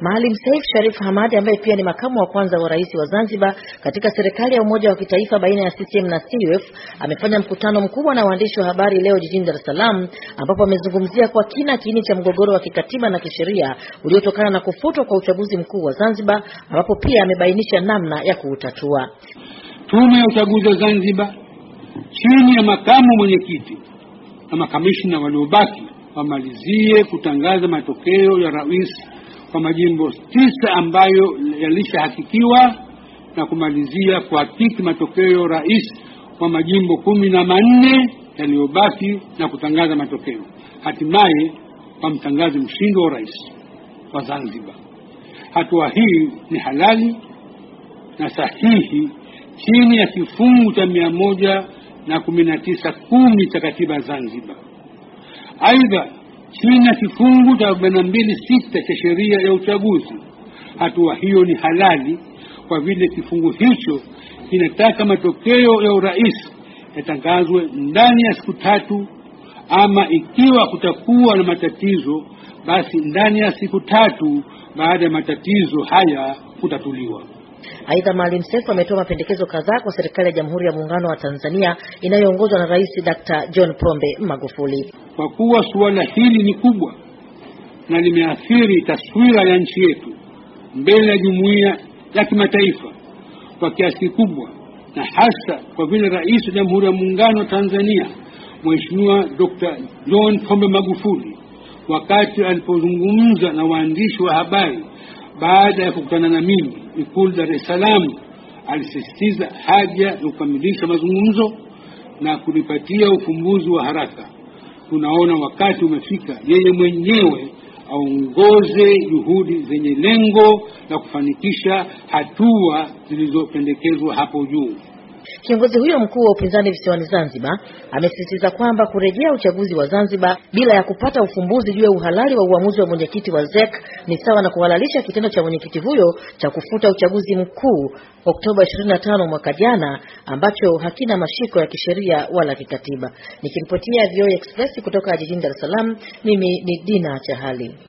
Maalim saif Sharif Hamad ambaye pia ni makamu wa kwanza wa rais wa Zanzibar katika serikali ya umoja wa kitaifa baina ya CCM na CUF amefanya mkutano mkubwa na waandishi wa habari leo jijini Dar es Salaam ambapo amezungumzia kwa kina kiini cha mgogoro wa kikatiba na kisheria uliotokana na kufutwa kwa uchaguzi mkuu wa Zanzibar ambapo pia amebainisha namna ya kuutatua. Tume ya uchaguzi wa Zanzibar chini ya makamu mwenyekiti na makamishna waliobaki wamalizie kutangaza matokeo ya rais kwa majimbo tisa ambayo yalishahakikiwa na kumalizia kuhakiki matokeo rais kwa majimbo kumi na manne yaliyobaki na kutangaza matokeo. Hatimaye kwa mtangazi mshindi wa urais wa Zanzibar. Hatua hii ni halali na sahihi chini ya kifungu cha mia moja na kumi na tisa kumi cha katiba ya Zanzibar. Aidha, china kifungu cha sita cha sheria ya uchaguzi. Hatua hiyo ni halali kwa vile kifungu hicho kinataka matokeo ya urais yatangazwe ndani ya siku tatu, ama ikiwa kutakuwa na matatizo, basi ndani ya siku tatu baada ya matatizo haya kutatuliwa. Aidha, Maalim Seif ametoa mapendekezo kadhaa kwa serikali ya Jamhuri ya Muungano wa Tanzania inayoongozwa na Rais Dkt. John Pombe Magufuli. Kwa kuwa suala hili ni kubwa na limeathiri taswira ya nchi yetu mbele ya jumuiya ya kimataifa kwa kiasi kikubwa, na hasa kwa vile Rais wa Jamhuri ya Muungano wa Tanzania Mheshimiwa Dr. John Pombe Magufuli wakati alipozungumza na waandishi wa habari baada ya kukutana na mimi Ikulu Dar es Salaam, alisisitiza haja ya kukamilisha mazungumzo na kunipatia ufumbuzi wa haraka. Tunaona wakati umefika yeye mwenyewe aongoze juhudi zenye lengo la kufanikisha hatua zilizopendekezwa hapo juu. Kiongozi huyo mkuu wa upinzani visiwani Zanzibar amesisitiza kwamba kurejea uchaguzi wa Zanzibar bila ya kupata ufumbuzi juu ya uhalali wa uamuzi wa mwenyekiti wa ZEC ni sawa na kuhalalisha kitendo cha mwenyekiti huyo cha kufuta uchaguzi mkuu Oktoba 25 mwaka jana ambacho hakina mashiko ya kisheria wala kikatiba. Nikiripotia VOA e Express kutoka jijini Dar es Salaam, mimi ni Dina Chahali.